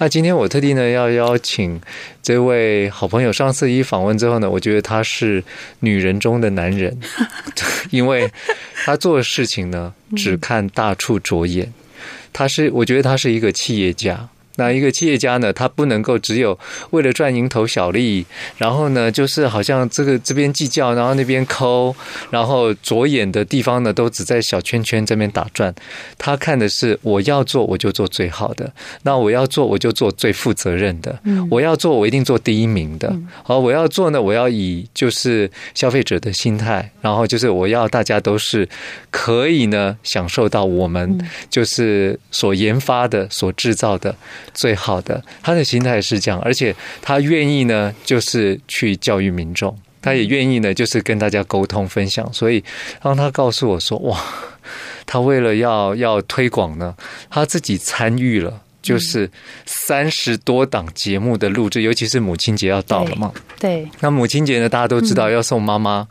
那今天我特地呢要邀請這位好朋友，上次一訪問之後呢，我覺得他是女人中的男人，因為他做事情呢只看大處着眼，他是我覺得他是一個企業家。那一個企業家呢，他不能夠只有為了賺蠅頭小利，然後呢，就是好像這個這邊計較，然後那邊摳，然後着眼的地方呢，都只在小圈圈這邊打轉。他看的是，我要做我就做最好的，那我要做我就做最負責任的，我要做我一定做第一名的。好、嗯，而我要做呢，我要以就是消費者的心態，然後就是我要大家都是可以呢享受到我們就是所研發的、所製造的。最好的，他的心態是這樣，而且他願意呢，就是去教育民眾，他也願意呢，就是跟大家溝通分享，所以當他告訴我說：“哇，他為了要要推廣呢，他自己參與了。”就是三十多檔節目的錄制，嗯、尤其是母親節要到了嘛。對，對，那母親節呢，大家都知道要送媽媽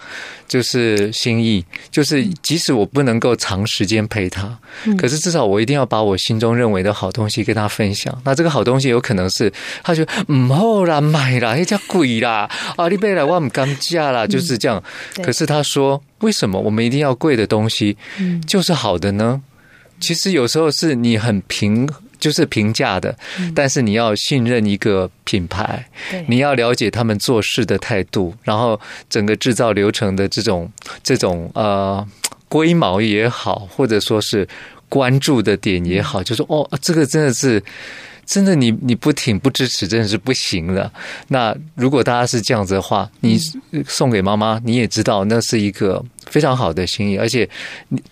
就是心意，嗯、就是即使我不能夠長時間陪她，嗯、可是至少我一定要把我心中認為的好東西跟她分享。嗯、那這個好東西有可能是，她就，唔好啦，啦啦啊、買啦，哎這貴啦，阿力貝啦，我唔甘價啦，就是這樣。對可是她說，為什麼我們一定要貴的東西，就是好的呢？嗯、其實有時候是你很平。就是平價的，但是你要信任一個品牌，嗯、你要了解他們做事的態度，對然後整個制造流程的這種這種呃規模也好，或者說是關注的點也好，嗯、就是哦，這個真的是。真的你，你你不挺不支持，真的是不行了。那如果大家是這樣子的話，你送給媽媽，你也知道那是一個非常好的心意，而且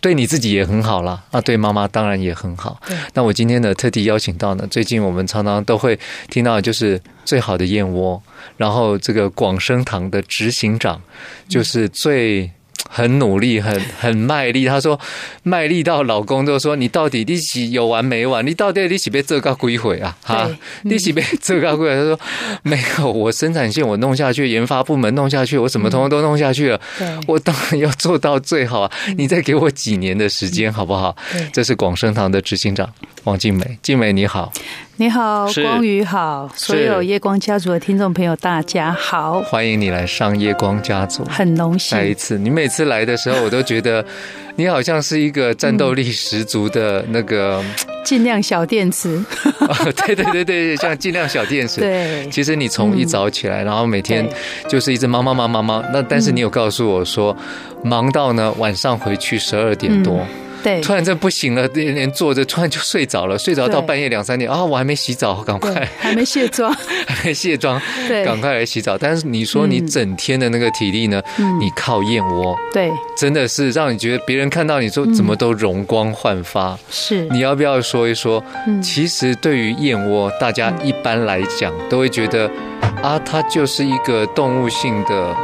對你自己也很好啦。那對媽媽當然也很好。那我今天呢，特地邀請到呢，最近我們常常都會聽到，就是最好的燕窩，然後這個廣生堂的執行長，就是最。很努力，很很賣力。她說：“賣力到老公都說：‘你到底你幾有完沒完？你到底你到幾被這個歸毀啊？’哈，你幾被這個毀？她說：‘沒有，我生產線我弄下去，研發部門弄下去，我什麼通通都弄下去了。對 我當然要做到最好啊！你再給我幾年的時間，好不好？’這是廣生堂的執行長王靜美，靜美你好。”你好，光禹好，是所有夜光家族的聽眾朋友大家好，歡迎你來上夜光家族，很榮幸。再一次，你每次來的時候，我都覺得你好像是一個戰鬥力十足的那個，嗯、勁量小電池。對、哦、對對對，像勁量小電池。 對，其實你從一早起來，嗯、然後每天就是一直忙忙忙忙對忙。那但是你有告訴我說，嗯、忙到呢晚上回去十二點多。嗯對，突然間不行了，連坐着，突然就睡着了，睡着到半夜兩三點，對，啊，我還沒洗澡，趕快，還沒卸妝，還沒卸妝，趕快來洗澡。但是你說你整天的那個體力呢？嗯、你靠燕窩，對，真的是讓你覺得別人看到你說怎麼都容光煥發。嗯、是，你要不要說一說？嗯、其實對於燕窩，大家一般來講、嗯、都會覺得，啊，它就是一個動物性的。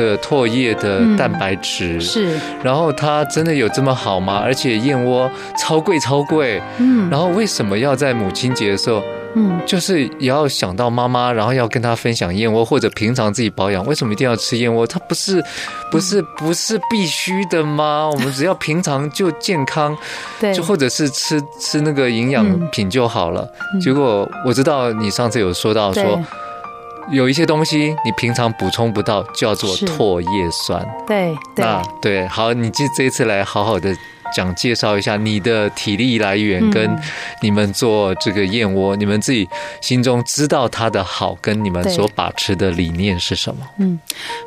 的唾液的蛋白質，嗯，是，然後它真的有這麼好嗎？而且燕窩超貴超貴，嗯，然後為什麼要在母親節的時候，嗯，就是也要想到媽媽，然後要跟她分享燕窩，或者平常自己保養，為什麼一定要吃燕窩？它不是不是，嗯，不是必須的嗎？我們只要平常就健康， 對，就或者是吃吃那個營養品就好了。嗯，結果我知道你上次有說到說。有一些東西你平常補充不到，叫做唾液酸。對對對，好，你這這次來好好的講介紹一下你的體力來源，跟你們做這個燕窩，嗯、你們自己心中知道它的好，跟你們所把持的理念是什麼？嗯，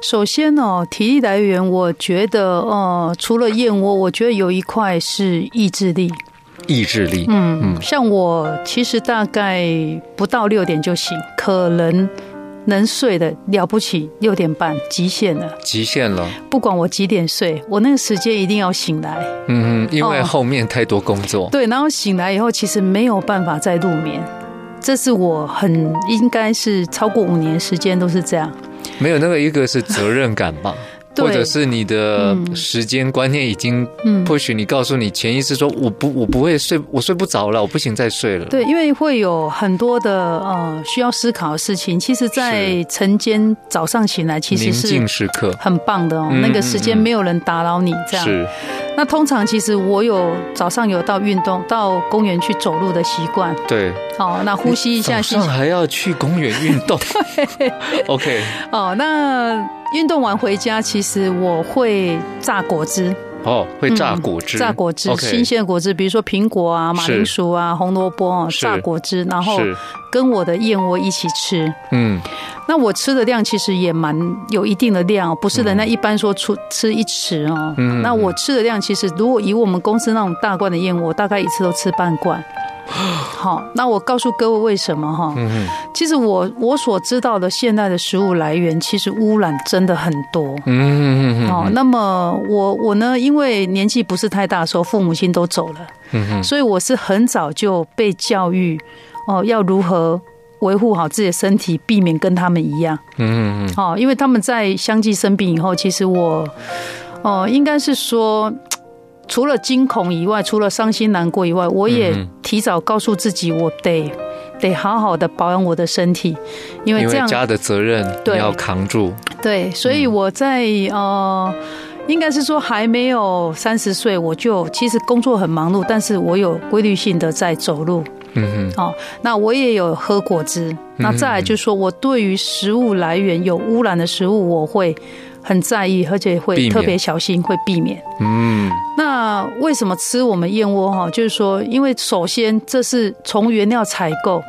首先呢、哦，體力來源，我覺得哦、呃，除了燕窩，我覺得有一塊是意志力。意志力，嗯嗯，像我、嗯、其實大概不到六點就醒，可能。能睡的了不起，六點半極限了。極限了。不管我幾點睡，我那個時間一定要醒來。嗯嗯，因為後面太多工作。哦，對，然後醒來以後，其實沒有辦法再入眠。這是我很，應該是超過五年時間都是這樣。沒有那個，一個是責任感吧。 對或者是你的時間觀念已經，或許你告訴你潛意識說我不我不會睡我睡不着了我不行再睡了。對，因為會有很多的呃需要思考的事情。其實，在晨間早上醒來是其實是寧靜時刻，很棒的哦。那個時間沒有人打擾你，這樣。是、嗯。嗯嗯、那通常其實我有早上有到運動到公園去走路的習慣。對。哦，那呼吸一下。早上還要去公園運動。嘿 對 OK。哦，那。運動完回家，其實我會榨果汁。哦，oh, 會榨果汁，嗯、榨果汁，Okay. 新鮮的果汁，比如說蘋果啊、馬鈴薯啊、是紅蘿蔔啊榨果汁，是然後跟我的燕窩一起吃。嗯，那我吃的量其實也蠻有一定的量，不是人家一般說出吃一匙哦。嗯，那我吃的量其實，如果以我們公司那種大罐的燕窩，大概一次都吃半罐。嗯、好，那我告訴各位為什麼哈？嗯，其實我我所知道的現在的食物來源，其實污染真的很多。嗯嗯嗯嗯。嗯嗯哦，那麼我我呢，因為年紀不是太大的時候，父母親都走了，嗯嗯，嗯所以我是很早就被教育哦、呃，要如何維護好自己的身體，避免跟他們一樣。嗯嗯。哦，因為他們在相繼生病以後，其實我哦、呃，應該是說。除了驚恐以外，除了傷心難過以外，我也提早告訴自己，我得、嗯、哼得好好的保養我的身體，因為這樣，因為家的責任你要扛住。對，對，所以我在、嗯、呃，應該是說還沒有三十歲，我就其實工作很忙碌，但是我有規律性的在走路。嗯哼，哦，那我也有喝果汁。那再來就是說、嗯、哼我對於食物來源有污染的食物，我會。很在意，而且會特別小心，避免，會避免。嗯，那為什麼吃我們燕窩哈？就是說，因為首先這是從原料採購。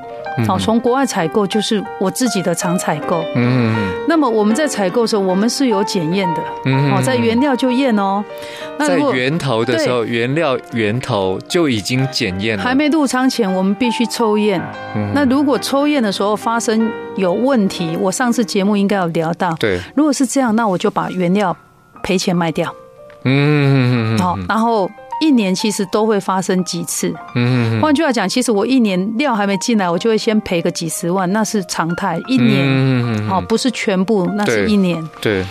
哦，從國外採購，就是我自己的廠採購。嗯，那麼我們在採購的時候，我們是有檢驗的。嗯嗯。在原料就驗哦。在源頭的時候，原料源頭就已經檢驗了。還沒入倉前，我們必須抽驗。那如果抽驗的時候發生有問題，我上次節目應該有聊到。對。如果是這樣，那我就把原料賠錢賣掉。嗯嗯嗯嗯。好，然後。一年其實都會發生幾次。嗯，換句話講，其實我一年料還沒進來，我就會先賠個幾十萬，那是常態。一年，哦，不是全部，那是一年。對。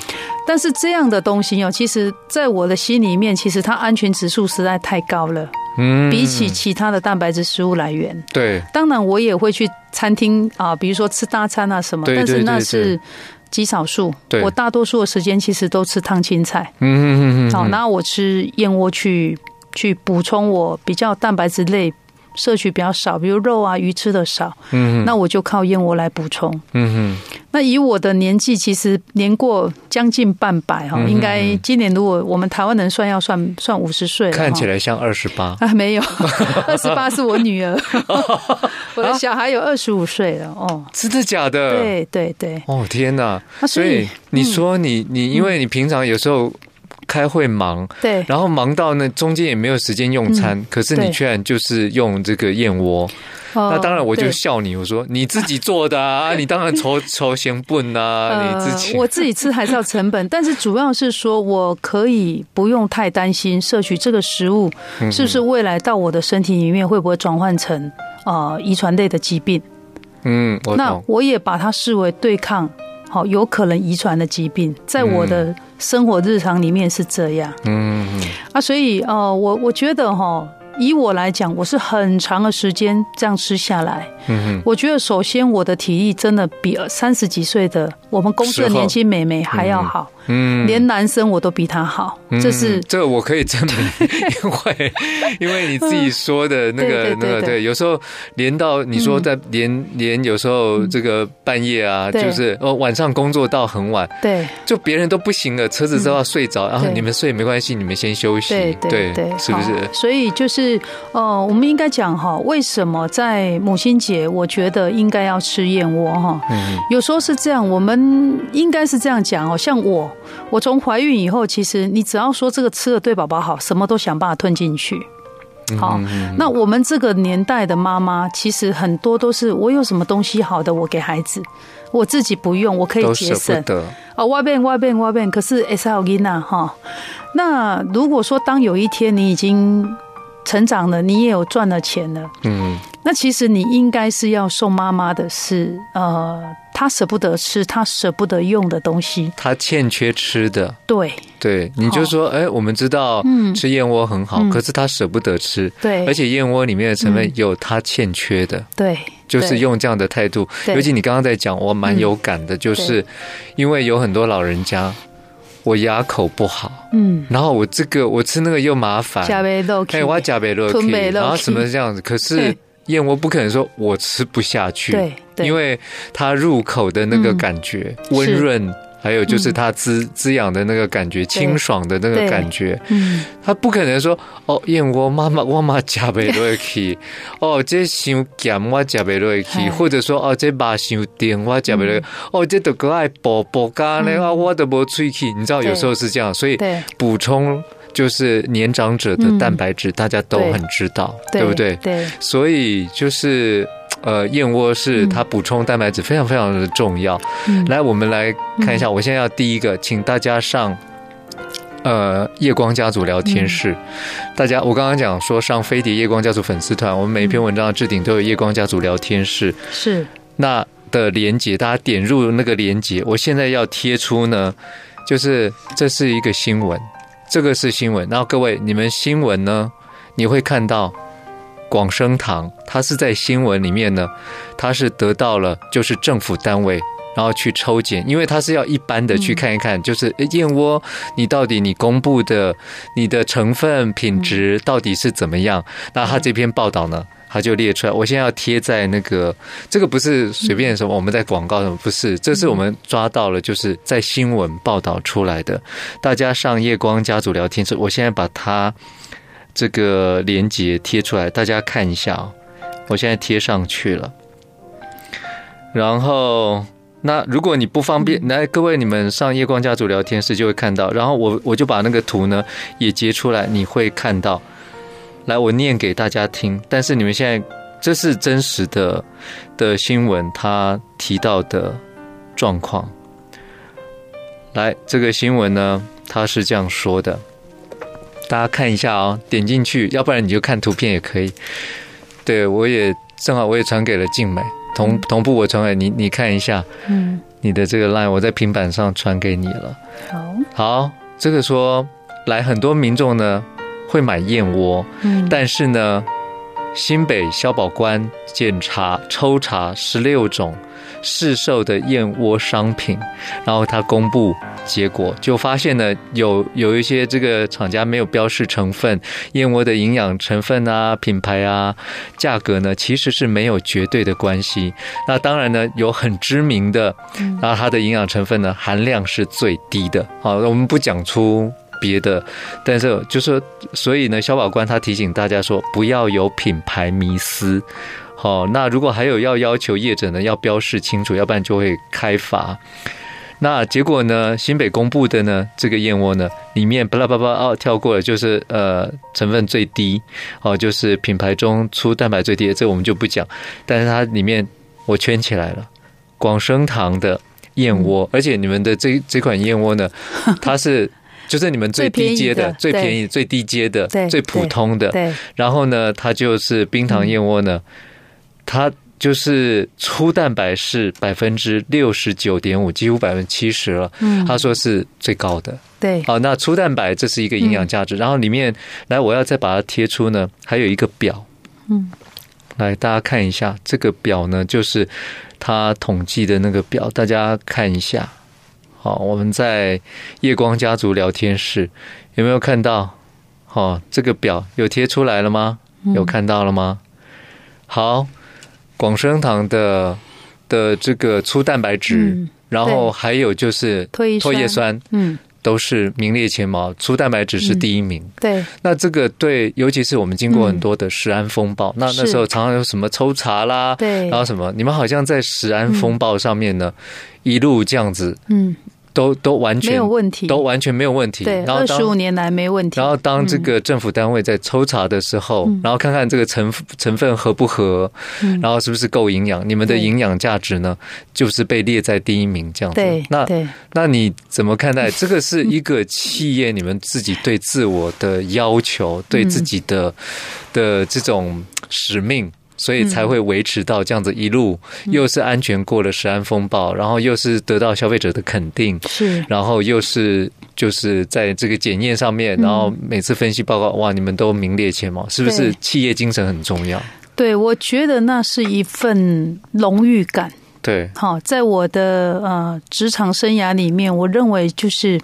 但是這樣的東西哦，其實在我的心裡面，其實它安全指數實在太高了。嗯。比起其他的蛋白質食物來源。對。當然，我也會去餐廳啊，比如說吃大餐啊什麼，但是那是極少數。對。我大多數的時間其實都吃燙青菜。嗯嗯嗯好，然後我吃燕窩去。去補充我比較蛋白質類攝取比較少，比如肉啊魚吃的少，嗯，那我就靠燕窩來補充，嗯哼，那以我的年紀，其實年過將近半百哈，應該今年如果我們台灣人算，要算算五十歲了，看起來像二十八啊，沒有，二十八是我女兒，我的小孩有二十五歲了哦，真的假的？對對對，哦天哪，所以你說你你因為你平常有時候。開會忙，對，然後忙到呢，中間也沒有時間用餐，嗯、可是你居然就是用這個燕窩，呃、那當然我就笑你，對我說你自己做的啊，對你當然籌籌成本吶，啊呃、你自己，我自己吃還是要成本， 但是主要是說我可以不用太擔心攝取這個食物是不是未來到我的身體裡面會不會轉換成啊、呃、遺傳類的疾病，嗯，我那我也把它視為對抗。好，有可能遺傳的疾病，在我的生活日常裡面是這樣。嗯，啊，所以，呃，我我覺得，哈，以我來講，我是很長的時間這樣吃下來。嗯，我覺得首先我的體力真的比三十幾歲的我們公司的年輕美眉還要好，嗯，連男生我都比她好，這是這我可以證明，因為因為你自己說的那個那個對，有時候連到你說在連連有時候這個半夜啊，就是哦晚上工作到很晚，對，就別人都不行了，車子都要睡着，然後你們睡也沒關係，你們先休息，對對，是不是？所以就是哦，我們應該講哈，為什麼在母親節。我覺得應該要吃燕窩哈，有時候是這樣，我們應該是這樣講哦。像我，我從懷孕以後，其實你只要說這個吃了對寶寶好，什麼都想辦法吞進去。好，那我們這個年代的媽媽，其實很多都是我有什麼東西好的，我給孩子，我自己不用，我可以節省。哦，外邊外邊外邊，可是 S L N 吶哈。那如果說當有一天你已經成長了，你也有賺了錢了，嗯。那其實你應該是要送媽媽的是，呃,她捨不得吃，她捨不得用的東西。他欠缺吃的，對對，你就說，哎，我們知道吃燕窩很好，可是他捨不得吃，對，而且燕窩裡面的成分有他欠缺的，對，就是用這樣的態度。尤其你剛剛在講，我蠻有感的，就是因為有很多老人家，我牙口不好，嗯，然後我這個我吃那個又麻煩，加貝肉，可以我要加貝肉，可以。然後什麼是這樣子，可是。燕窩不可能說，我吃不下去，對，因為它入口的那個感覺溫潤，還有就是它滋滋養的那個感覺，清爽的那個感覺，嗯，它不可能說，哦，燕窩媽媽，我媽夾不落去，哦，這有鹹我夾不落去，或者說哦，這馬有甜我夾不落，哦，這都格外補補加呢啊，我都不吹氣，你知道，有時候是這樣，所以補充。就是年長者的蛋白質，大家都很知道，嗯、對，對不對？對。對所以就是呃，燕窩是、嗯、它補充蛋白質非常非常的重要。嗯、來，我們來看一下，嗯、我現在要第一個，請大家上呃夜光家族聊天室。嗯、大家，我剛剛講說上飛碟夜光家族粉絲團，我們每一篇文章的置頂都有夜光家族聊天室是那的鏈接，大家點入那個鏈接。我現在要貼出呢，就是這是一個新聞。這個是新聞，那各位，你們新聞呢？你會看到廣生堂，它是在新聞裡面呢，它是得到了就是政府單位，然後去抽檢，因為它是要一般的去看一看，嗯、就是誒，燕窩，你到底你公布的你的成分品質到底是怎麼樣？嗯、那它這篇報道呢？他就列出來，我現在要貼在那個，這個不是隨便什麼，我們在廣告什麼，不是，這是我們抓到了，就是在新聞報道出來的。大家上夜光家族聊天室，我現在把它這個連接貼出來，大家看一下哦。我現在貼上去了。然後，那如果你不方便，來各位你們上夜光家族聊天室就會看到。然後我我就把那個圖呢也截出來，你會看到。來，我念給大家聽。但是你們現在這是真實的的新聞，他提到的狀況。來，這個新聞呢，他是這樣說的，大家看一下哦，點進去，要不然你就看圖片也可以。對，我也正好我也傳給了靜美，同同步我傳給你，你看一下。嗯。你的這個 LINE，我在平板上傳給你了。好。好，這個說，來，很多民眾呢。會買燕窩，嗯、但是呢，新北消保官檢查抽查十六種市售的燕窩商品，然後他公布結果，就發現呢，有有一些這個廠家沒有標示成分，燕窩的營養成分啊、品牌啊、價格呢，其實是沒有絕對的關係。那當然呢，有很知名的，那、嗯、然後它的營養成分呢，含量是最低的。好，我們不講出。別的，但是就是說所以呢，消保官他提醒大家說，不要有品牌迷思。好、哦，那如果還有要要求業者呢，要標示清楚，要不然就會開罰。那結果呢，新北公布的呢，這個燕窩呢，裡面巴拉巴拉哦跳過了，就是呃成分最低哦，就是品牌中粗蛋白最低，這我們就不講。但是它裡面我圈起來了，廣生堂的燕窩，而且你們的這這款燕窩呢，它是。 就是你們最低階的、最便宜的，最便宜、對最低階的、對最普通的。對對，然後呢，它就是冰糖燕窩呢，嗯、它就是粗蛋白是百分之六十九點五，幾乎百分之七十了。嗯，他說是最高的。對，好、哦，那粗蛋白這是一個營養價值。嗯、然後裡面，來，我要再把它貼出呢，還有一個表。嗯，來大家看一下這個表呢，就是他統計的那個表，大家看一下。好，我們在夜光家族聊天室有沒有看到？好、哦，這個表有貼出來了嗎？嗯、有看到了嗎？好，廣生堂的的這個粗蛋白質，嗯、然後還有就是唾液酸、唾液酸，嗯，都是名列前茅，粗蛋白質是第一名。嗯、對，那這個對，尤其是我們經過很多的食安風暴，嗯、那那時候常常有什麼抽查啦，對，然後什麼，你們好像在食安風暴上面呢，嗯、一路這樣子，嗯。都都完全，都完全沒有問題，都完全沒有問題。對，二十五年來沒問題。然後當這個政府單位在抽查的時候，嗯、然後看看這個成分成分合不合，嗯、然後是不是夠營養？你們的營養價值呢，對就是被列在第一名這樣子。對那對那你怎麼看待？這個是一個企業，你們自己對自我的要求，嗯、對自己的的這種使命。所以才會維持到這樣子一路，嗯、又是安全過了食安風暴，嗯、然後又是得到消費者的肯定，是，然後又是就是在這個檢驗上面，嗯、然後每次分析報告，哇，你們都名列前茅，是不是？企業精神很重要對。對，我覺得那是一份榮譽感。對，好，在我的呃職場生涯裡面，我認為就是，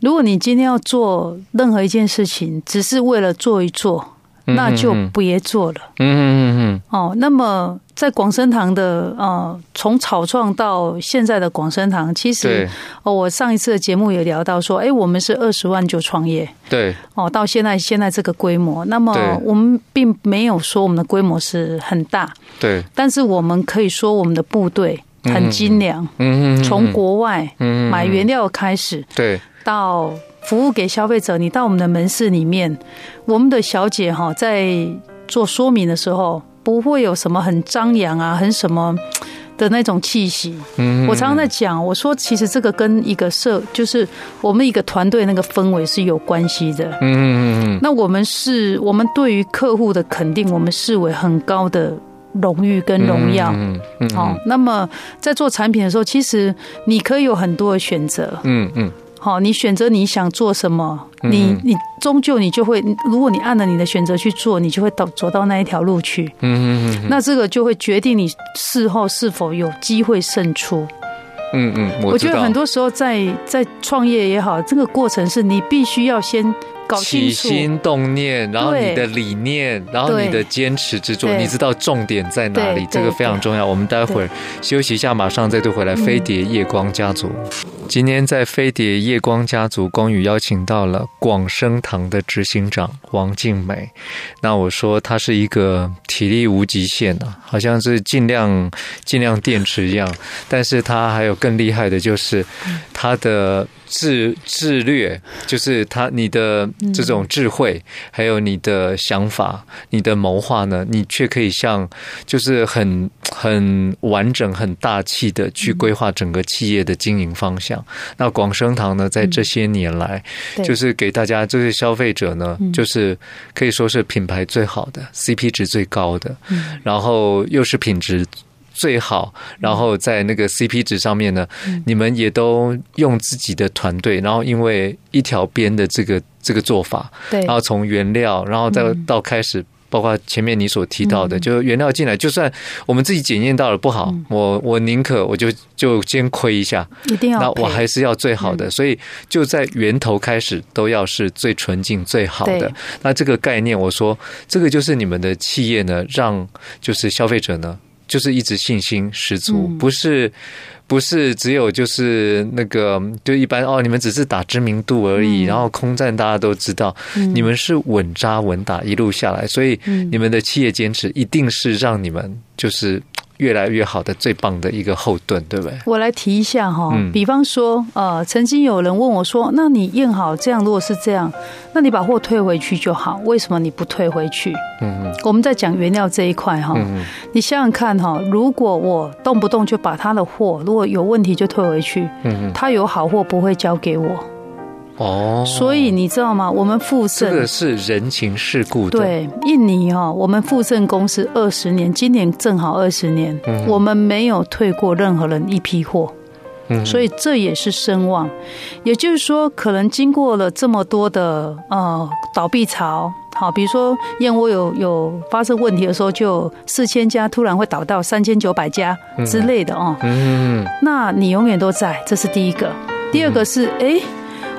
如果你今天要做任何一件事情，只是為了做一做。那就別做了。嗯嗯嗯，哦，那麼在廣生堂的呃，從草創到現在的廣生堂，其實哦，我上一次的節目也聊到說，哎對、欸，我們是二十萬就創業。對。哦，到現在現在這個規模，那麼我們並沒有說我們的規模是很大。對。但是我們可以說我們的部隊很精良。嗯哼哼。從國外買原料開始。嗯、哼哼對。到。服務給消費者，你到我們的門市裡面，我們的小姐哈在做說明的時候，不會有什麼很張揚啊，很什麼的那種氣息。嗯，我常常在講，我說其實這個跟一個社，就是我們一個團隊那個氛圍是有關係的。嗯嗯嗯。那我們是我們對於客戶的肯定，我們視為很高的榮譽跟榮耀。嗯嗯。好，那麼在做產品的時候，其實你可以有很多的選擇。嗯嗯。好，你選擇你想做什麼，嗯、你你終究你就會，如果你按了你的選擇去做，你就會走走到那一條路去。嗯嗯嗯。嗯嗯，那這個就會決定你事後是否有機會勝出。嗯嗯，嗯我，我覺得很多時候在在創業也好，這個過程是你必須要先搞清楚起心動念，然後你的理念，對然後你的堅持之作，對你知道重點在哪裡？這個非常重要。我們待會兒休息一下，對馬上再度回來。飛碟夜光家族。嗯今天在飛碟夜光家族，光禹邀請到了廣生堂的執行長王靜美。那我說他是一個體力無極限啊，好像是金頂金頂電池一樣，但是他還有更厲害的，就是他的。自自略就是他你的這種智慧，嗯、還有你的想法，你的謀劃呢，你卻可以像就是很很完整，很大氣的去規劃整個企業的經營方向。嗯、那廣生堂呢，在這些年來，嗯、就是給大家這些，個，消費者呢，對就是可以說是品牌最好的 CP 值最高的，嗯、然後又是品質。最好，然後在那個 CP 值上面呢，嗯、你們也都用自己的團隊，然後因為一條邊的這個這個做法，對，然後從原料，然後再到開始，嗯、包括前面你所提到的，就原料進來，就算我們自己檢驗到了不好，嗯、我我寧可我就就先虧一下，一定要，那我還是要最好的，嗯、所以就在源頭開始都要是最純淨最好的。對那這個概念，我說這個就是你們的企業呢，讓就是消費者呢。就是一直信心十足，嗯、不是不是只有就是那個就一般哦，你們只是打知名度而已，嗯、然後空戰大家都知道，嗯、你們是穩扎穩打一路下來，所以你們的企業堅持一定是讓你們就是。越來越好的最棒的一個後盾，對不對？我來提一下哈，比方說，呃、嗯，曾經有人問我說：“那你驗好這樣，如果是這樣，那你把貨退回去就好。為什麼你不退回去？”嗯嗯，嗯我們在講原料這一塊哈，你想想看哈，如果我動不動就把他的貨，如果有問題就退回去，嗯嗯，他有好貨不會交給我。哦，所以你知道嗎？我們富盛這個是人情世故。對，印尼哦，我們富盛公司二十年，今年正好二十年，我們沒有退過任何人一批貨，所以這也是聲望。也就是說，可能經過了這麼多的呃倒閉潮，好，比如說燕窩有有發生問題的時候，就四千家突然會倒到三千九百家之類的哦。嗯，那你永遠都在，這是第一個。第二個是哎。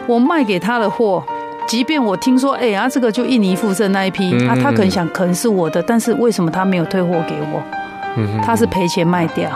我賣給他的貨，即便我聽說，哎、欸，呀、啊，這個就印尼負贈那一批，啊，他可能想可能是我的，但是為什麼他沒有退貨給我？他是賠錢賣掉，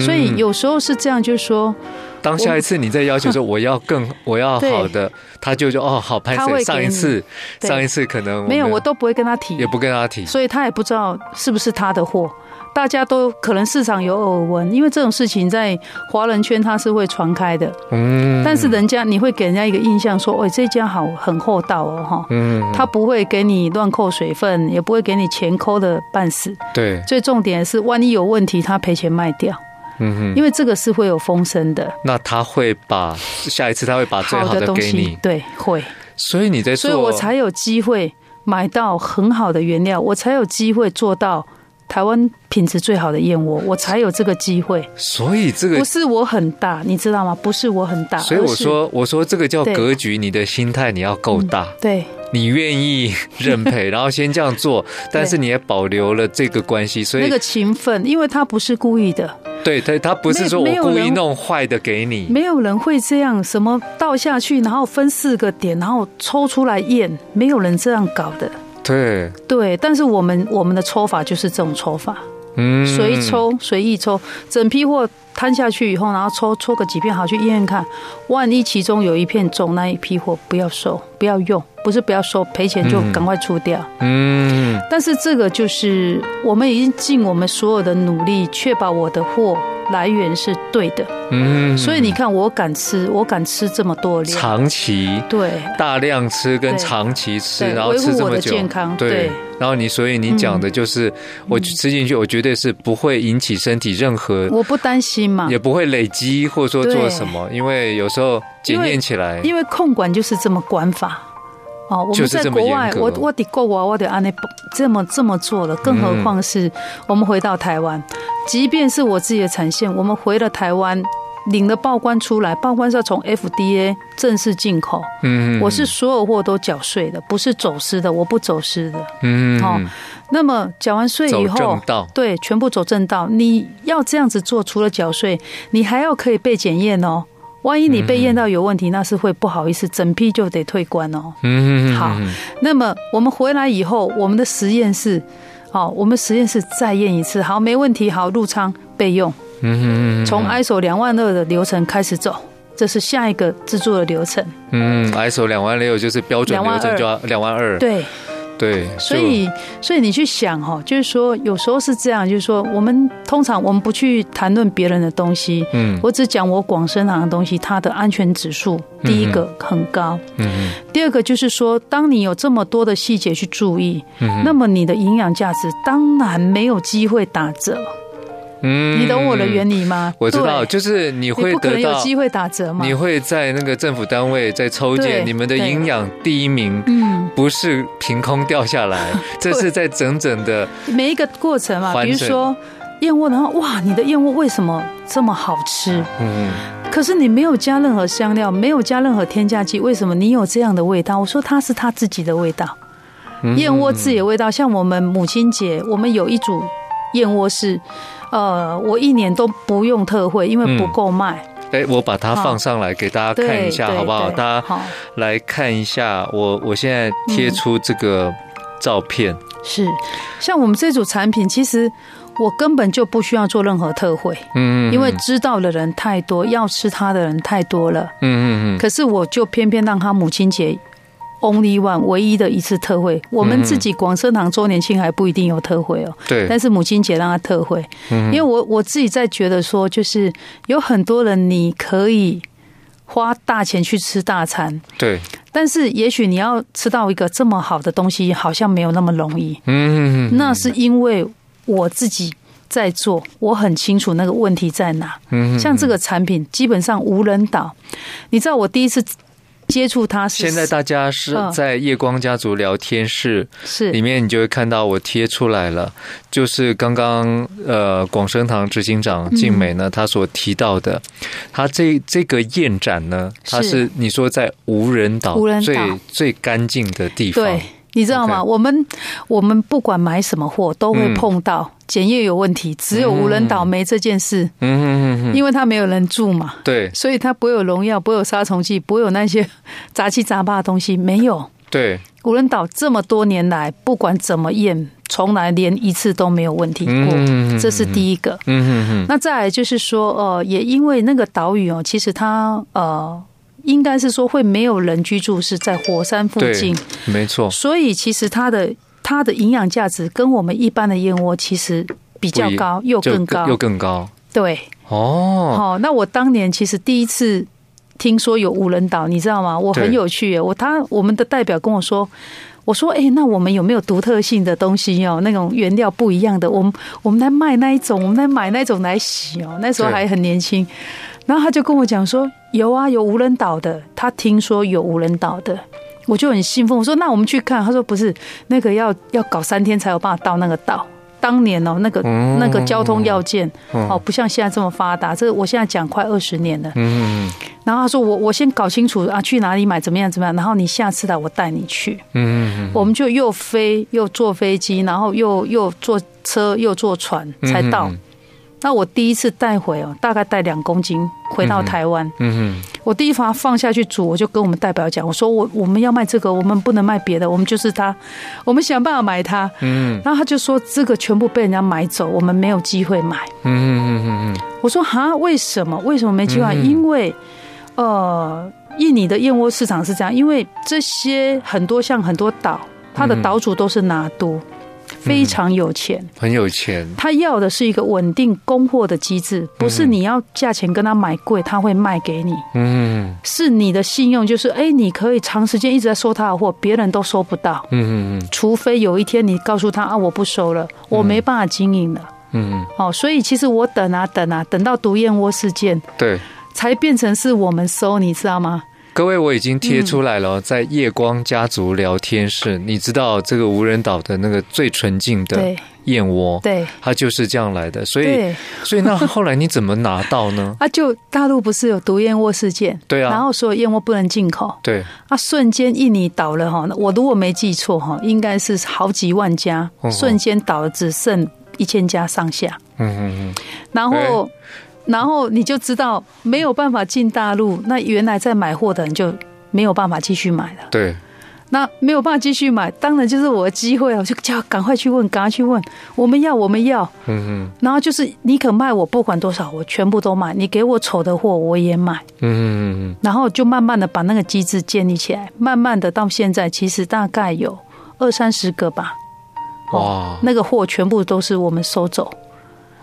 所以有時候是這樣，就是說。當下一次你再要求說我要更我，我要好的，對他就說哦，好拍謝上一次對上一次可能沒有，我都不會跟他提，也不跟他提，所以他也不知道是不是他的貨，大家都可能市場有耳聞，因為這種事情在華人圈他是會傳開的。嗯，但是人家你會給人家一個印象說，喂、欸、這家好很厚道哦哈，嗯、他不會給你亂扣水分，也不會給你錢摳的半死。對，最重點是萬一有問題，他賠錢賣掉。嗯哼，因為這個是會有風聲的，嗯。那他會把下一次他會把最好的給你，東西對，會。所以你在，所以我才有機會買到很好的原料，我才有機會做到。台灣品質最好的燕窩，我才有這個機會。所以這個不是我很大，你知道嗎？不是我很大。所以我說，是我說這個叫格局，對你的心態你要夠大。對，你願意認賠，然後先這樣做， 但是你也保留了這個關係。所以，對所以那個情分，因為他不是故意的。對，他他不是說我故意弄壞的給你沒。沒有人會這樣，什麼倒下去，然後分四個點，然後抽出來驗，沒有人這樣搞的。對，對，但是我們我們的抽法就是這種抽法，嗯，隨抽，隨意抽，整批貨。攤下去以後，然後搓搓個幾片，好去醫院看。萬一其中有一片腫，那一批貨不要收，不要用。不是不要收，賠錢就趕快出掉。嗯。但是這個就是我們已經盡我們所有的努力，確保我的貨來源是對的。嗯。所以你看，我敢吃，我敢吃這麼多量，長期對，對大量吃跟長期吃，對對，然後吃這麼久對，維護我的健康對，對。然後你所以你講的就是，我吃進去，我絕對是不會引起身體任何，我不擔心。也不會累積，或者說做什麼，對因為有時候檢驗起來因，因為控管就是這麼管法，哦，就是這麼我們在國外，我我得過，我國外我得安，例這麼這麼做了，更何況是我們回到台灣，嗯、即便是我自己的產線，我們回了台灣。領了報關出來，報關是要從 FDA 正式進口。嗯，我是所有貨都繳稅的，不是走私的，我不走私的。嗯，好。那麼繳完稅以後，對，全部走正道。你要這樣子做，除了繳稅，你還要可以被檢驗哦。萬一你被驗到有問題，那是會不好意思，整批就得退關哦。嗯，好，那麼我們回來以後，我們的實驗室，哦，我們實驗室再驗一次，好，沒問題，好，入倉備用。嗯，從 ISO 兩萬二的流程開始走，這是下一個制作的流程。嗯，ISO 兩萬六就是標準流程，就要兩萬二。22, 22, 對，對。所以，就所以你去想哈，就是說有時候是這樣，就是說我們通常我們不去談論別人的東西。嗯，我只講我廣生堂的東西，它的安全指數第一個很高。嗯。嗯第二個就是說，當你有這麼多的細節去注意，嗯、哼那麼你的營養價值當然沒有機會打折。嗯，你懂我的原理嗎？嗯、我知道，對就是你會得到你不可能有機會打折嗎，你會在那個政府單位在抽檢對你們的營養第一名，嗯，不是憑空掉下來，對這是在整整的每一個過程嘛？比如說燕窩，然後哇，你的燕窩為什麼這麼好吃？嗯，可是你沒有加任何香料，沒有加任何添加劑，為什麼你有這樣的味道？我說它是它自己的味道，嗯、燕窩自己的味道。像我們母親節，我們有一組燕窩是。呃，我一年都不用特惠，因為不夠賣。哎、嗯，我把它放上來好給大家看一下，好不好？大家來看一下，好我我現在貼出這個照片。嗯、是，像我們這組產品，其實我根本就不需要做任何特惠，嗯哼哼，因為知道的人太多，要吃它的人太多了，嗯嗯嗯。可是我就偏偏讓它母親節。Only one，唯一的一次特惠，嗯、哼我們自己廣生堂周年慶還不一定有特惠哦。對。但是母親節讓它特惠，嗯、哼因為我我自己在覺得說，就是有很多人你可以花大錢去吃大餐，對。但是也許你要吃到一個這麼好的東西，好像沒有那麼容易。嗯哼。那是因為我自己在做，我很清楚那個問題在哪。嗯哼。像這個產品基本上無人島，你知道我第一次。接觸他是，現在大家是在夜光家族聊天室，嗯、是裡面，你就會看到我貼出來了，就是剛剛呃廣生堂執行長靜美呢，他所提到的，他這這個燕盞呢，他是你說在無人島是最無人島最，最乾淨的地方，對，你知道嗎？Okay 我們我們不管買什麼貨都會碰到。嗯檢驗有問題，只有無人島沒這件事，嗯哼哼哼，因為它沒有人住嘛，對，所以它不會有農藥，不會有殺蟲劑，不會有那些雜七雜八的東西，沒有，對。無人島這麼多年來，不管怎麼驗，從來連一次都沒有問題過，嗯、哼哼哼，這是第一個。嗯哼哼。那再來就是說，呃，也因為那個島嶼哦，其實它呃，應該是說會沒有人居住，是在火山附近，沒錯。所以其實它的。它的營養價值跟我們一般的燕窩其實比較高，又高，又更高，又更高。對，oh. 哦，好。那我當年其實第一次聽說有無人島，你知道嗎？我很有趣耶。對我他我們的代表跟我說，我說，哎、欸，那我們有沒有獨特性的東西哦？那種原料不一樣的，我們我們來賣那一種，我們來買那一種來洗哦。那時候還很年輕，對然後他就跟我講說，有啊，有無人島的。他聽說有無人島的。我就很興奮，我說，那我們去看。他說不是，那個要要搞三天才有辦法到那個島。當年哦、喔，那個那個交通要件哦，不像現在這麼發達。這個我現在講快二十年了。嗯，然後他說我我先搞清楚啊，去哪裡買怎麼樣怎麼樣。然後你下次來我帶你去。嗯，我們就又飛又坐飛機，然後又又坐車又坐船才到。那我第一次帶回哦，大概帶兩公斤回到台灣。嗯，我第一發放下去煮，我就跟我們代表講，我說我，我們要賣這個，我們不能賣別的，我們就是它，我們想辦法買它。嗯，然後他就說這個全部被人家買走，我們沒有機會買。嗯嗯嗯嗯嗯。我說蛤，為什麼？為什麼沒機會啊？因為，呃，印尼的燕窩市場是這樣，因為這些很多像很多島，它的島主都是拿督非常有錢，嗯、很有錢。他要的是一個穩定供貨的機制，不是你要價錢跟他買貴，他會賣給你。嗯，是你的信用，就是哎，你可以長時間一直在收他的貨，別人都收不到。嗯嗯嗯，嗯除非有一天你告訴他啊，我不收了，我沒辦法經營了。嗯嗯，哦、嗯，所以其實我等啊等啊，等到毒燕窩事件，對，才變成是我們收，你知道嗎？各位，我已經貼出來了，在夜光家族聊天室，嗯，你知道這個無人島的那個最純淨的燕窩，對，對，它就是這樣來的。所以，對 所以那後來你怎麼拿到呢？啊，就大陸不是有毒燕窩事件？對啊，然後所有燕窩不能進口。對，啊，瞬間印尼倒了哈。那我如果沒記錯哈，應該是好幾萬家瞬間倒了，只剩一千家上下。嗯嗯嗯，然後。欸然後你就知道沒有辦法進大陸，那原來在買貨的人就沒有辦法繼續買了。對，那沒有辦法繼續買，當然就是我的機會了。我就叫趕快去問，趕快去問，我們要，我們要。嗯嗯哼。然後就是你可賣我，不管多少，我全部都買。你給我醜的貨，我也買。嗯哼嗯嗯。然後就慢慢的把那個機制建立起來，慢慢的到現在，其實大概有二三十個吧。哇，那個貨全部都是我們收走。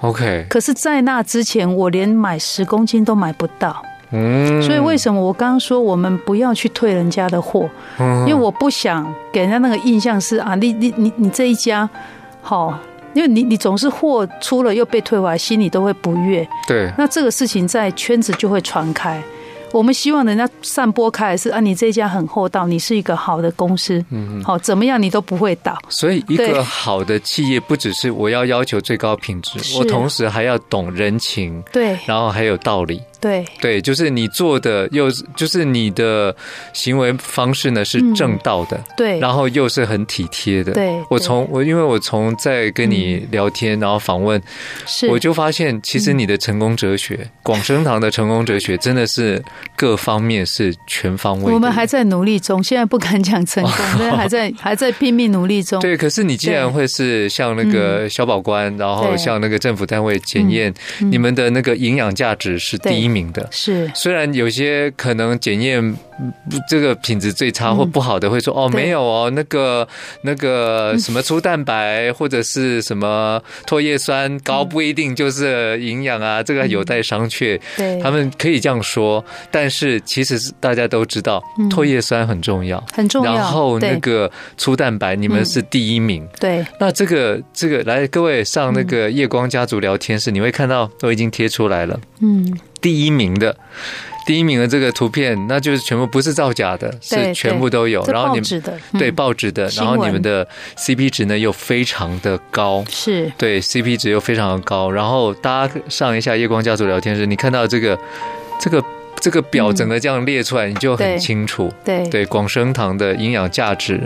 OK，可是，在那之前，我連買十公斤都買不到。嗯，所以為什麼我剛剛說我們不要去退人家的貨？嗯，因為我不想給人家那個印象是啊，你你你你這一家，好，因為你你總是貨出了又被退回來，心裡都會不悅。對，那這個事情在圈子就會傳開。我們希望人家散播開來，是啊，你這家很厚道，你是一個好的公司，嗯，好怎麼樣你都不會倒。所以一個好的企業不只是我要要求最高品質，對我同時還要懂人情，對是，然後還有道理。對對，就是你做的又就是你的行為方式呢是正道的，對，然後又是很體貼的。對，我從我因為我從在跟你聊天，然後訪問，我就發現其實你的成功哲學，廣生堂的成功哲學真的是各方面是全方位。我們還在努力中，現在不敢講成功，還在還在拼命努力中。對，可是你既然會是像那個小保官，然後像那個政府單位檢驗你們的那個營養價值是第一。第一名的是，雖然有些可能檢驗這個品質最差或不好的會說、嗯、哦，沒有哦，那個那個什麼粗蛋白或者是什麼唾液酸高不一定就是營養啊，嗯、這個有待商榷。嗯、對，他們可以這樣說，但是其實是大家都知道、嗯、唾液酸很重要，很重要。然後那個粗蛋白，嗯、你們是第一名。嗯、對，那這個這個來，各位上那個夜光家族聊天室，嗯、你會看到都已經貼出來了。嗯。第一名的，第一名的這個圖片，那就是全部不是造假的，是全部都有。然後你們對報紙的，然後你們的 CP 值呢，又非常的高，是，對 CP 值又非常的高。然後大家上一下夜光家族聊天室，你看到這個這個這個表整個這樣列出來，你就很清楚。對對，廣生堂的營養價值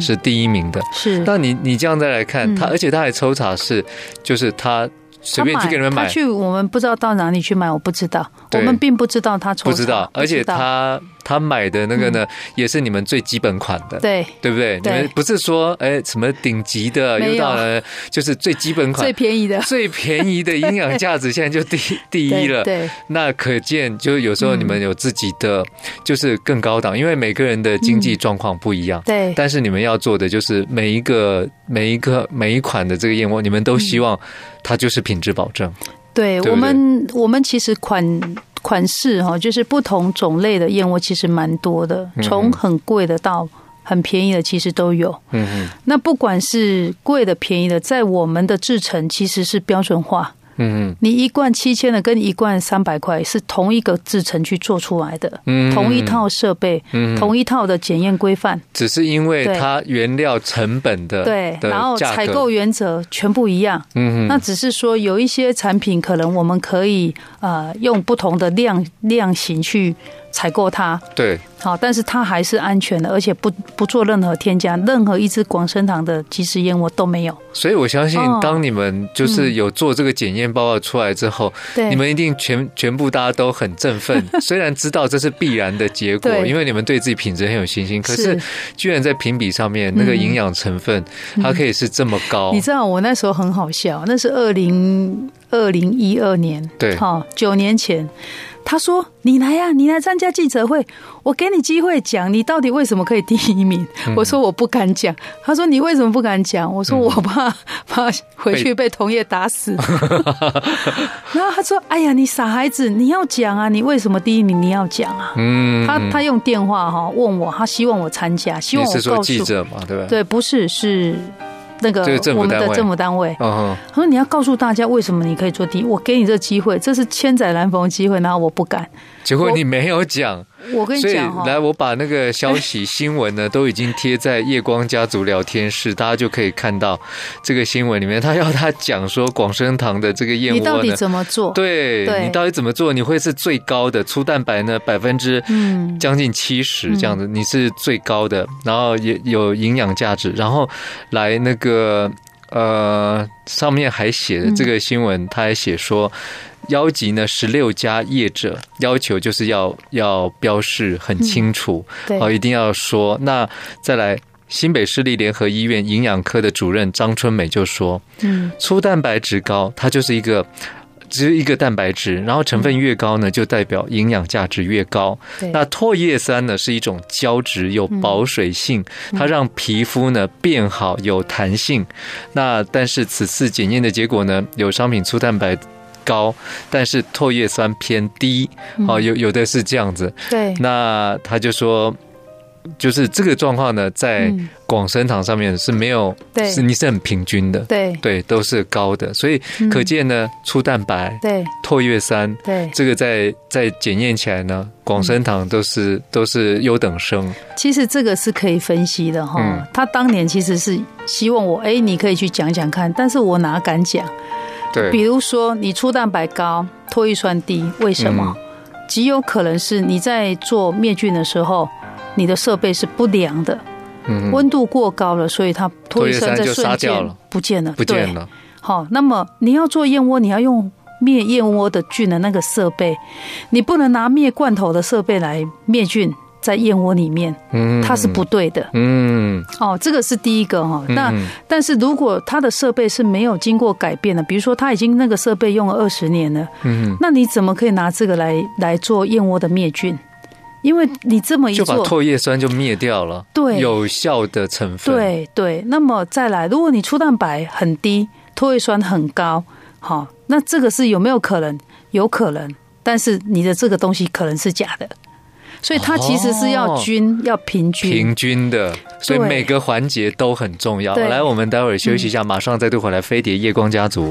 是第一名的。是，那你你這樣再來看它，而且他還抽查是，就是他。隨便去給你們買，去我們不知道到哪裡去買，我不知道，我們並不知道他從不知道，而且他他買的那個呢，也是你們最基本款的，對，對不對？你們不是說哎什麼頂級的，又到了就是最基本款最便宜的，最便宜的營養價值現在就第第一了，對，那可見就有時候你們有自己的就是更高檔，因為每個人的經濟狀況不一樣，對，但是你們要做的就是每一個每一個每一款的這個燕窩，你們都希望。它就是品質保證。對，對，對我們，我們其實款款式哈,就是不同種類的燕窩其實蠻多的，從很貴的到很便宜的，其實都有。嗯嗯哼，那不管是貴的便宜的，在我們的制程其實是標準化。嗯，你一罐七千的跟一罐三百塊是同一個製程去做出來的，同一套設備，同一套的檢驗規範，只是因為它原料成本的，對，的對，然後採購原則全部一樣。嗯哼，那只是說有一些產品可能我們可以呃用不同的量量型去。採購它對，好，但是它還是安全的，而且不不做任何添加，任何一支廣生堂的即食燕窩都沒有。所以我相信，當你們就是有做這個檢驗報告出來之後，哦嗯、你們一定全全部大家都很振奮。對雖然知道這是必然的結果， 因為你們對自己品質很有信心，對可是居然在評比上面是那個營養成分，嗯、它可以是這麼高。你知道，我那時候很好笑，那是二零二零一二年，對，哈、哦，九年前。他說：“你來呀、啊，你來參加記者會，我給你機會講，你到底為什麼可以第一名？”嗯、我說：“我不敢講。”他說：“你為什麼不敢講？”我說：“我怕、嗯、怕回去被同業打死。被” 然後他說：“哎呀，你傻孩子，你要講啊！你為什麼第一名？你要講啊！”嗯，他他用電話哈問我，他希望我參加，希望我告訴記者嘛，對吧？對，不是是。那個我們的政府單位，嗯，他說，你要告訴大家為什麼你可以做第一，我給你這個機會，這是千載難逢的機會，然後我不敢，結果你沒有講。我跟你講、哦，來，我把那個消息新聞呢，都已經貼在夜光家族聊天室，大家就可以看到這個新聞裡面，他要他講說廣生堂的這個燕窩呢，怎麼做？對你到底怎麼做？你會是最高的粗蛋白呢，百分之將近七十這樣子，你是最高的，然後也有營養價值，然後來那個呃上面還寫的這個新聞，他還寫說。邀集呢？十六家業者要求就是要要標示很清楚，好、嗯哦，一定要說。那再來，新北市立聯合醫院營養科的主任張春美就說：“嗯，粗蛋白質高，它就是一個只有一個蛋白質，然後成分越高呢，嗯、就代表營養價值越高。對那唾液酸呢是一種膠質，有保水性，嗯、它讓皮膚呢變好有彈性。那但是此次檢驗的結果呢，有商品粗蛋白。”高，但是唾液酸偏低，好，有有的是這樣子。對，那他就說，就是這個狀況呢，在廣生堂上面是沒有，對，是你是很平均的，對，對，都是高的，所以可見呢，粗蛋白，對，唾液酸，對，這個在在檢驗起來呢，廣生堂都是都是優等生。其實這個是可以分析的哈，他當年其實是希望我，哎，你可以去講講看，但是我哪敢講。對比如說，你粗蛋白高，唾液酸低，為什麼？嗯、極有可能是你在做滅菌的時候，你的設備是不良的，嗯、溫度過高了，所以它唾液酸在瞬間不見了，對，不見了。好，那麼你要做燕窩，你要用滅燕窩的菌的那個設備，你不能拿滅罐頭的設備來滅菌。在燕窩裡面，嗯，它是不對的，嗯，哦，這個是第一個哈。那但，嗯，但是如果它的設備是沒有經過改變的，比如說它已經那個設備用了二十年了，嗯，那你怎麼可以拿這個來來做燕窩的滅菌？因為你這麼一做，就把唾液酸就滅掉了，對，有效的成分，對對。那麼再來，如果你粗蛋白很低，唾液酸很高，哈，哦，那這個是有沒有可能？有可能，但是你的這個東西可能是假的。所以它其實是要均，哦、要平均，平均的。對所以每個環節都很重要。對來，我們待會兒休息一下，嗯、馬上再度回來《飛碟夜光家族》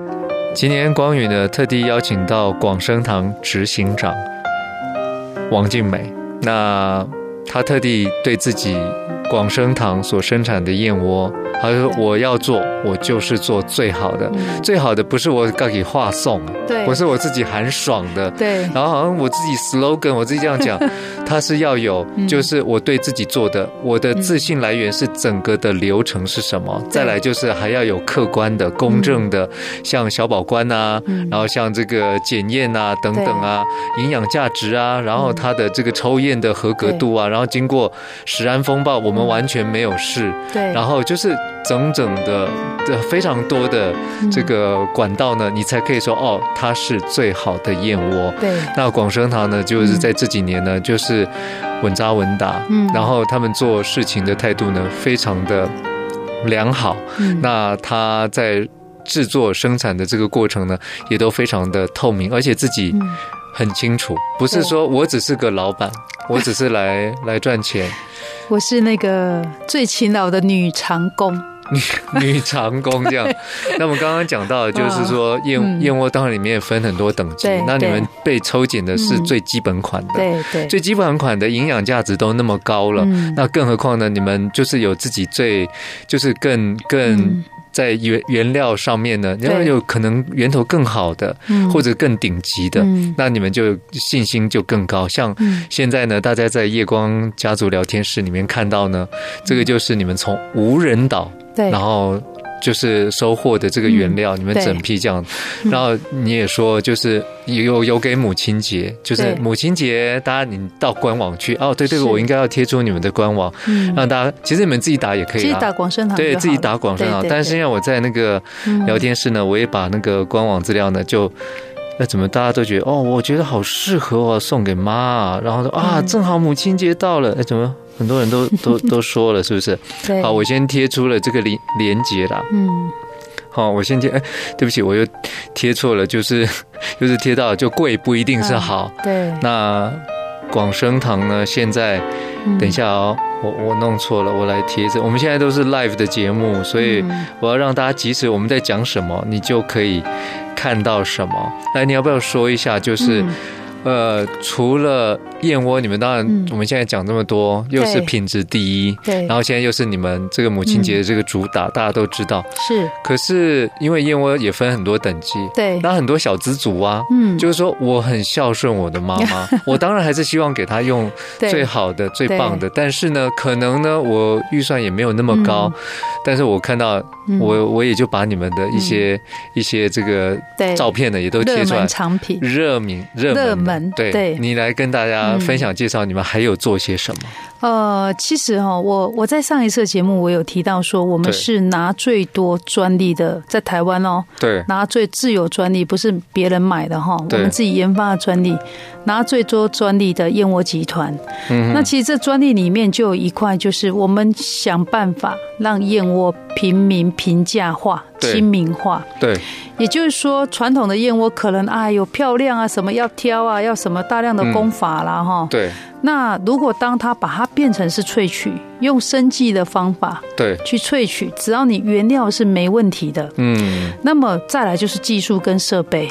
嗯。今年光禹呢，特地邀請到廣生堂執行長王靜美，那他特地對自己廣生堂所生產的燕窩。他說：“我要做，我就是做最好的。最好的不是我訴給畫送，我是我自己很爽的。對。然後好像我自己 slogan，我自己這樣講，他是要有，就是我對自己做的，我的自信來源是整個的流程是什麼。再來就是還要有客觀的、公正的，像小寶官啊，然後像這個檢驗啊等等啊，營養價值啊，然後它的這個抽驗的合格度啊，然後經過食安風暴，我們完全沒有事。對。然後就是。”整整的，非常多的這個管道呢，嗯、你才可以說哦，它是最好的燕窩。對，那廣生堂呢，就是在這幾年呢，嗯、就是穩紮穩打，嗯，然後他們做事情的態度呢，非常的良好。嗯、那他在製作生產的這個過程呢，也都非常的透明，而且自己、嗯。很清楚，不是說我只是個老闆，我只是來來賺錢。我是那個最勤勞的女長工，女女長工這樣。那我們剛剛講到，就是說燕燕窩當然裡面也分很多等級，那你們被抽檢的是最基本款的，對對，最基本款的營養價值都那麼高了，那更何況呢？你們就是有自己最就是更更。在原原料上面呢，仍然有可能源頭更好的，對或者更頂級的，嗯、那你們就信心就更高。嗯、像現在呢，大家在夜光家族聊天室裡面看到呢，嗯、這個就是你們從無人島，對然後。就是收貨的這個原料，嗯、你們整批這樣，對然後你也說就是有有給母親節，對就是母親節，大家你到官網去哦，對，對對，是我應該要貼出你們的官網，嗯、讓大家其實你們自己打也可以啊，自己打廣生堂好對，自己打廣生堂，對對對，但是因為我在那個聊天室呢，對對對，我也把那個官網資料呢就。那怎麼大家都覺得哦？我覺得好適合我，啊、送給媽，啊，然後說啊，正好母親節到了。哎，嗯，怎麼很多人都 都都說了，是不是？對好，我先貼出了這個連連接啦。嗯，好，我先貼。哎，對不起，我又貼錯了，就是就是貼到了就貴不一定是好。啊，對，那。廣生堂呢？現在，等一下哦，嗯、我我弄錯了，我來貼着。我們現在都是 live 的節目，所以我要讓大家即時我們在講什麼，你就可以看到什麼。來，你要不要說一下？就是。嗯呃，除了燕窩，你們當然我們現在講這麼多，又是品質第一，對，然後現在又是你們這個母親節的這個主打，大家都知道，是。可是因為燕窩也分很多等級，對，那很多小資族啊，嗯，就是說我很孝順我的媽媽，我當然還是希望給她用最好的、最棒的，但是呢，可能呢，我預算也沒有那麼高，但是我看到我，我也就把你們的一些一些這個照片呢，也都貼出來，藏品熱門熱門。對，對你來跟大家分享介紹，你們還有做些什麼？嗯呃，其實哈，我我在上一次節目我有提到說，我們是拿最多專利的，對在台灣哦，對，拿最自有專利，不是別人買的哈，對我們自己研發的專利，拿最多專利的燕窩集團，嗯哼，那其實這專利裡面就有一塊，就是我們想辦法讓燕窩平民平價化、親民對化，對，也就是說，傳統的燕窩可能啊、哎，有漂亮啊，什麼要挑啊，要什麼大量的工法啦。哈、嗯，對。那如果當他把它變成是萃取，用生技的方法，對，去萃取，只要你原料是沒問題的，嗯，那麼再來就是技術跟設備。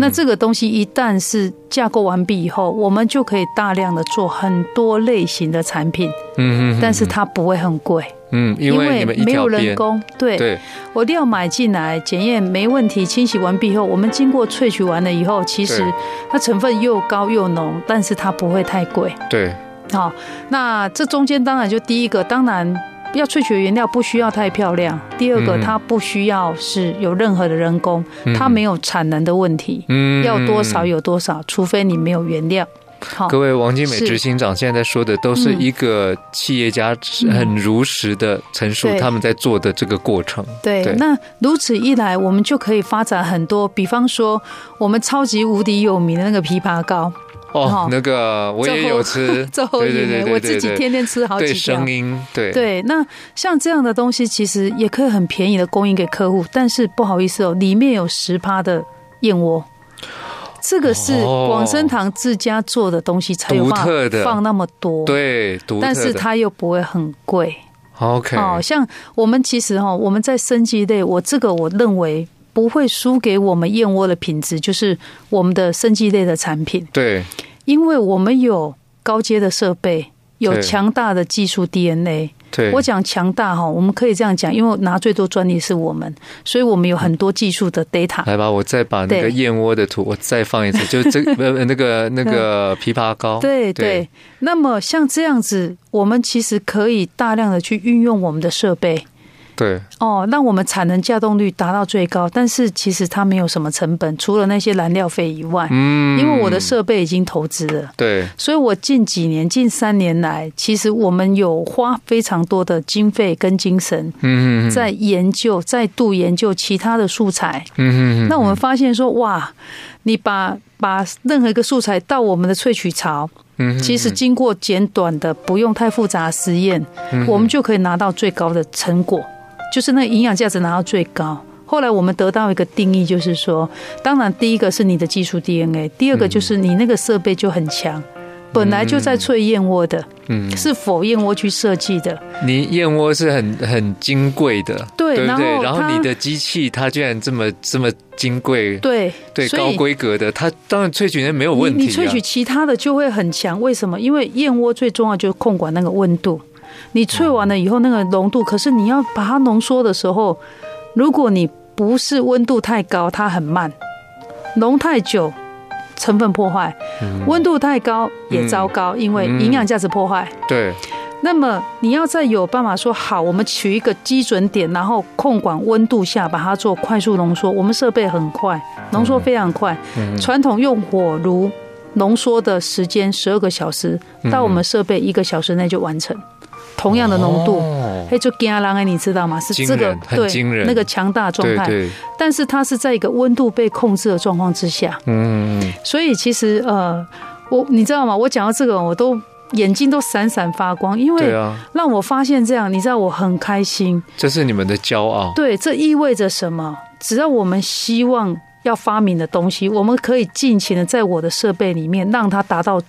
那這個東西一旦是架構完畢以後，我們就可以大量的做很多類型的產品，嗯嗯，但是它不會很貴，嗯，因為沒有人工，對，我一定要買進來，檢驗沒問題，清洗完畢以後，我們經過萃取完了以後，其實它成分又高又濃，但是它不會太貴，對，好，那這中間當然就第一個，當然。要萃取的原料不需要太漂亮。第二個，嗯、它不需要是有任何的人工，嗯、它沒有產能的問題。嗯，要多少有多少，嗯、除非你沒有原料。好各位，王金美執行長現在在說的都是一個企業家很如實的陳述，他們在做的這個過程。嗯嗯、對，對，那如此一來，我們就可以發展很多，比方說我們超級無敵有名的那個枇杷膏。Oh, 哦，那個我也有吃，後對對,對,對我自己天天吃好幾個。對對,對，那像這樣的東西其實也可以很便宜的供應給客戶，但是不好意思哦，裡面有十趴的燕窩，這個是廣生堂自家做的東西，才有辦法放那麼多，哦、獨特的對，獨特的但是它又不會很貴。OK，、哦、像我們其實哈、哦，我們在生技類，我這個我認為不會輸給我們燕窩的品質，就是我們的生技類的產品，對。因為我們有高階的設備，有強大的技術 DNA。對，我講強大哈，我們可以這樣講，因為拿最多專利是我們，所以我們有很多技術的 data。來吧，我再把那個燕窩的圖，對我再放一次，就這， 呃、那個那個枇杷膏。對對。那麼像這樣子，我們其實可以大量的去運用我們的設備。對哦，那我們產能稼動率達到最高，但是其實它沒有什麼成本，除了那些燃料費以外，嗯，因為我的設備已經投資了，對，所以我近幾年、近三年來，其實我們有花非常多的經費跟精神，嗯，在研究、再、嗯、度研究其他的素材，嗯哼哼哼，那我們發現說，哇，你把把任何一個素材到我們的萃取槽，嗯哼哼，其實經過簡短的、不用太複雜的實驗，嗯、哼我們就可以拿到最高的成果。就是那營養價值拿到最高。後來我們得到一個定義，就是說，當然第一個是你的技術 DNA，第二個就是你那個設備就很強，嗯、本來就在萃燕窩的，嗯，是否燕窩去設計的？你燕窩是很很金貴的，對，然後然後你的機器它居然這麼這麼金貴，對對，所以高規格的，它當然萃取人家沒有問題、啊你。你萃取其他的就會很強，為什麼？因為燕窩最重要就是控管那個溫度。你萃完了以後，那個濃度，可是你要把它濃縮的時候，如果你不是溫度太高，它很慢，濃太久，成分破壞；溫度太高也糟糕，因為營養價值破壞。對。那麼你要再有辦法說好，我們取一個基準點，然後控管溫度下把它做快速濃縮。我們設備很快，濃縮非常快。傳統用火爐濃縮的時間十二個小時，到我們設備一個小時內就完成。同樣的濃度，黑就驚人哎，你知道嗎？是這個驚人，很驚人對，那個強大狀態，對對對，但是它是在一個溫度被控制的狀況之下，嗯，嗯，嗯，所以其實呃，我你知道嗎？我講到這個，我都眼睛都閃閃發光，因為讓我發現這樣，啊、你知道，我很開心。這是你們的驕傲，對，這意味着什麼？只要我們希望要發明的東西，我們可以盡情的在我的設備裡面讓它達到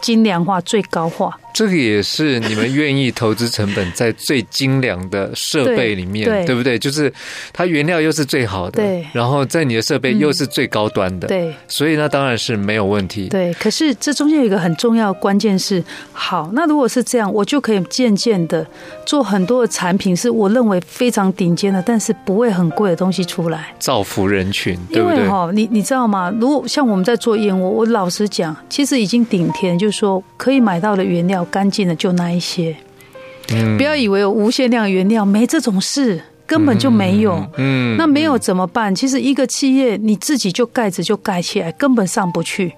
精良化、最高化。這個也是你們願意投資成本在最精良的設備裡面， 對，對，對不對？就是它原料又是最好的，對，然後在你的設備又是最高端的，嗯、對，所以那當然是沒有問題。對，可是這中間有一個很重要關鍵是，好，那如果是這樣，我就可以漸漸的做很多的產品，是我認為非常頂尖的，但是不會很貴的東西出來，造福人群。對不對？因為哈、哦，你你知道嗎？如果像我們在做燕窩，我老實講，其實已經頂天，就是說可以買到的原料。乾淨的就那一些，不要以為無限量原料，沒這種事，根本就沒有。那沒有怎麼辦？其實一個企業你自己就蓋子就蓋起來，根本上不去。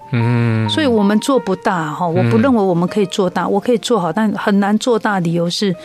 所以我們做不大哈，我不認為我們可以做大，我可以做好，但很難做大。理由是，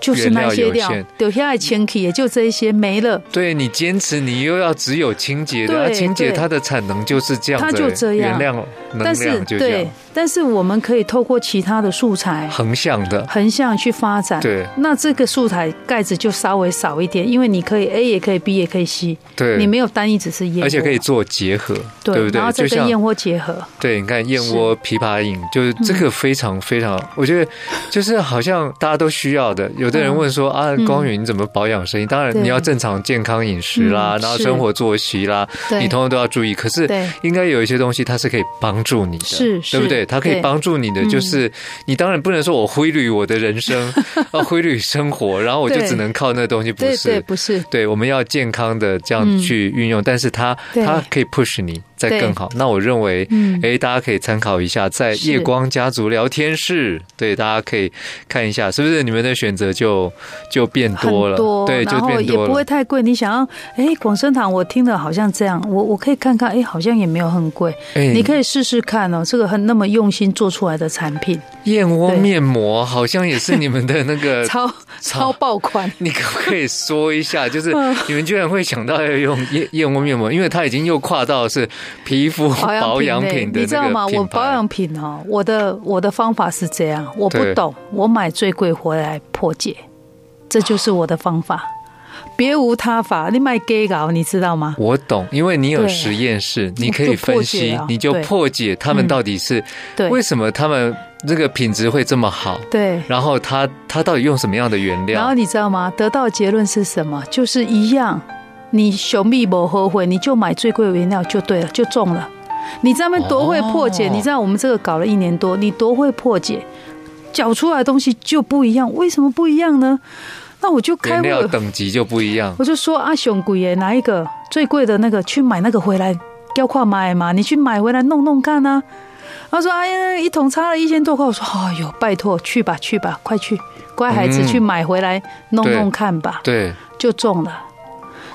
就是那些料有限，留下來錢去也就這一些沒了。對你堅持，你又要只有清潔，對清潔它的產能就是這樣，它就這樣。原料，但是對，但是我們可以透過其他的素材橫向的橫向去發展。對，那這個素材蓋子就稍微少一點，因為你可以 A 也可以 B 也可以 C。對，你沒有單一只是燕窩，而且可以做結合，對不對？然後再跟燕窩結合，對，你看燕窩枇杷飲就是這個非常非常，我覺得就是好像大家都需要的。有的人問說啊，光禹你怎麼保養身體？當然你要正常健康飲食啦，然後生活作息啦，你通通都要注意。可是應該有一些東西，它是可以幫助你的，是，對不對？它可以幫助你的，就是你當然不能說我規律我的人生，要，規律生活，然後我就只能靠那東西，不是，不是，對，我們要健康的這樣去運用，但是它它可以 push 你，在更好，那我認為，哎，大家可以參考一下，在夜光家族聊天室，對，大家可以看一下，是不是你們的選擇就就變多了？對，就變多了。也不會太貴。你想要，哎，廣生堂，我聽的好像這樣，我我可以看看，哎，好像也沒有很貴。哎，你可以試試看哦，這個很那麼用心做出來的產品，燕窩面膜好像也是你們的那個超超爆款。你可不可以說一下，就是你們居然會想到要用燕燕窩面膜，因為它已經又跨到是。皮膚保養品,的品，的你知道嗎？我保養品哦、喔，我的我的方法是這樣，我不懂，對我買最貴回來破解，這就是我的方法，別、哦、無他法。你買 g a y 佬你知道嗎？我懂，因為你有實驗室，對你可以分析，就你就破解他們到底是對為什麼他們這個品質會這麼好？對，然後他他到底用什麼樣的原料？然後你知道嗎？得到結論是什麼？就是一樣。你熊米不後悔，你就買最貴的原料就對了，就中了。你這邊多會破解？哦、你知道我們這個搞了一年多，你多會破解？攪出來的東西就不一樣，為什麼不一樣呢？那我就開我原料等級就不一樣。我就說阿雄鬼耶，哪一個最貴的那個去買那個回來，要快買嘛！你去買回來弄弄看呢、啊。他說：“哎、啊、呀，一桶差了一千多塊。”我說：“哎喲拜託，去吧，去吧，快去，乖孩子，嗯、去買回來弄弄看吧。對”對，就中了。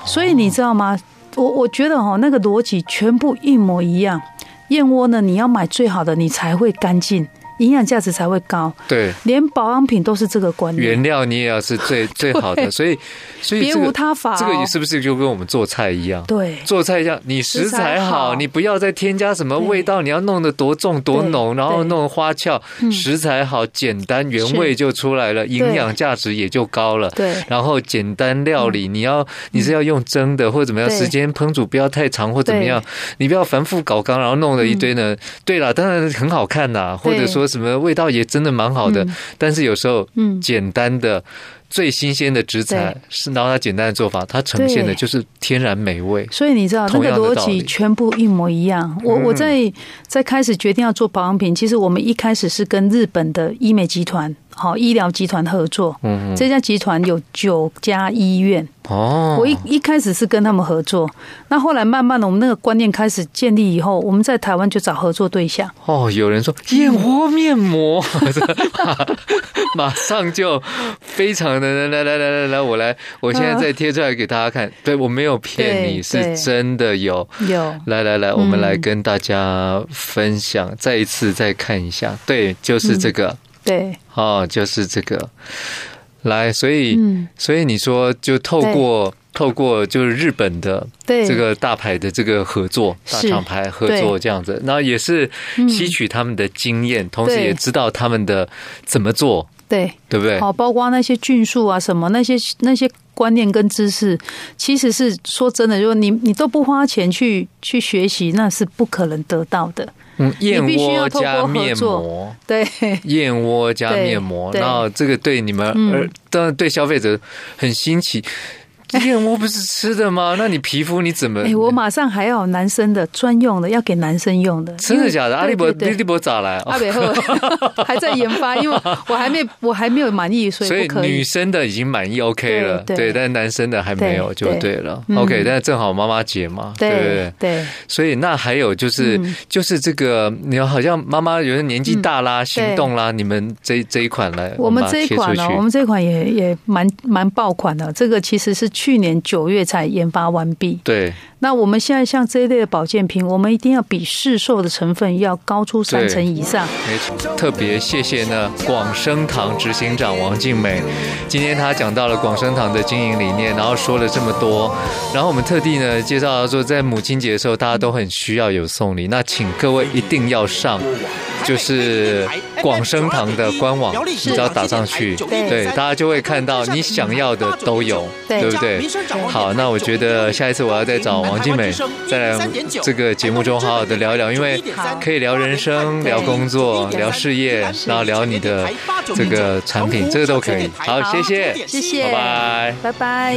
所以你知道嗎？我我覺得哦，那個邏輯全部一模一樣。燕窩呢，你要買最好的，你才會乾淨。營養價值才會高，對，連保養品都是這個觀念。原料你也要是最最好的，所以所以別無他法。這個是不是就跟我們做菜一樣？對，做菜一樣，你食材好，你不要再添加什麼味道，你要弄得多重多濃，然後弄花俏。食材好，簡單原味就出來了，營養價值也就高了。對，然後簡單料理，你要你是要用蒸的或怎麼樣，時間烹煮，不要太長或怎麼樣，你不要反覆搞缸，然後弄了一堆呢。對啦，當然很好看啦，或者說是。什麼味道也真的蠻好的，嗯、但是有時候簡單的、嗯、最新鮮的食材，是拿對它簡單的做法，它呈現的就是天然美味。對所以你知道那個邏輯全部一模一樣。嗯、我我在在開始決定要做保養品，其實我們一開始是跟日本的醫美集團。好，醫療集團合作。嗯嗯，這家集團有九家醫院。哦，我一一開始是跟他們合作，那後來慢慢的，我們那個觀念開始建立以後，我們在台灣就找合作對象。哦，有人說燕窩、嗯、面膜， 馬上就非常的來來來來來，我來，我現在再貼出來給大家看。對，我沒有騙你，是真的有。有，來來來，我們來跟大家分享，嗯、再一次再看一下。對，就是這個。嗯對，哦，就是這個，來，所以，嗯、所以你說，就透過對透過，就是日本的這個大牌的這個合作，對大廠牌合作這樣子，那也是吸取他們的經驗，嗯、同時也知道他們的怎麼做，對，對不對？好，包括那些菌素啊，什麼那些那些。那些觀念跟知識，其實是說真的，如果你你都不花錢去去學習，那是不可能得到的。嗯，燕窩加面膜，對，燕窩加面膜，對對然後這個對你們，當然對，對消費者很新奇。嗯燕窩我不是吃的嗎？那你皮膚你怎麼？哎，我馬上還有男生的專用的，要給男生用的。真的假的？阿裡伯，阿利伯咋了？阿伯還在研發，因為我還沒，我還沒有滿意，所以所以女生的已經滿意 OK 了。對，但男生的還沒有，就對了。OK，但正好媽媽節嘛，對不對？對，所以那還有就是就是這個，你好像媽媽，有些年紀大啦，行動啦，你們這這一款來，我們這一款呢，我們這一款也也蠻蠻爆款的。這個其實是。去年九月才研發完畢。對，那我們現在像這一類的保健品，我們一定要比市售的成分要高出三成以上。沒錯對，特別謝謝呢，廣生堂執行長王靜美，今天他講到了廣生堂的經營理念，然後說了這麼多，然後我們特地呢介紹說，在母親節的時候，大家都很需要有送禮，那請各位一定要上。就是廣生堂的官網，你只要打上去，對，對，大家就會看到你想要的都有，對不對？對，好，那我覺得下一次我要再找王靜美，再來這個節目中好好的聊一聊，因為可以聊人生、好聊工作、對聊事業，對然後聊你的這個產品，這個都可以。好，謝謝，謝謝，拜拜，拜拜。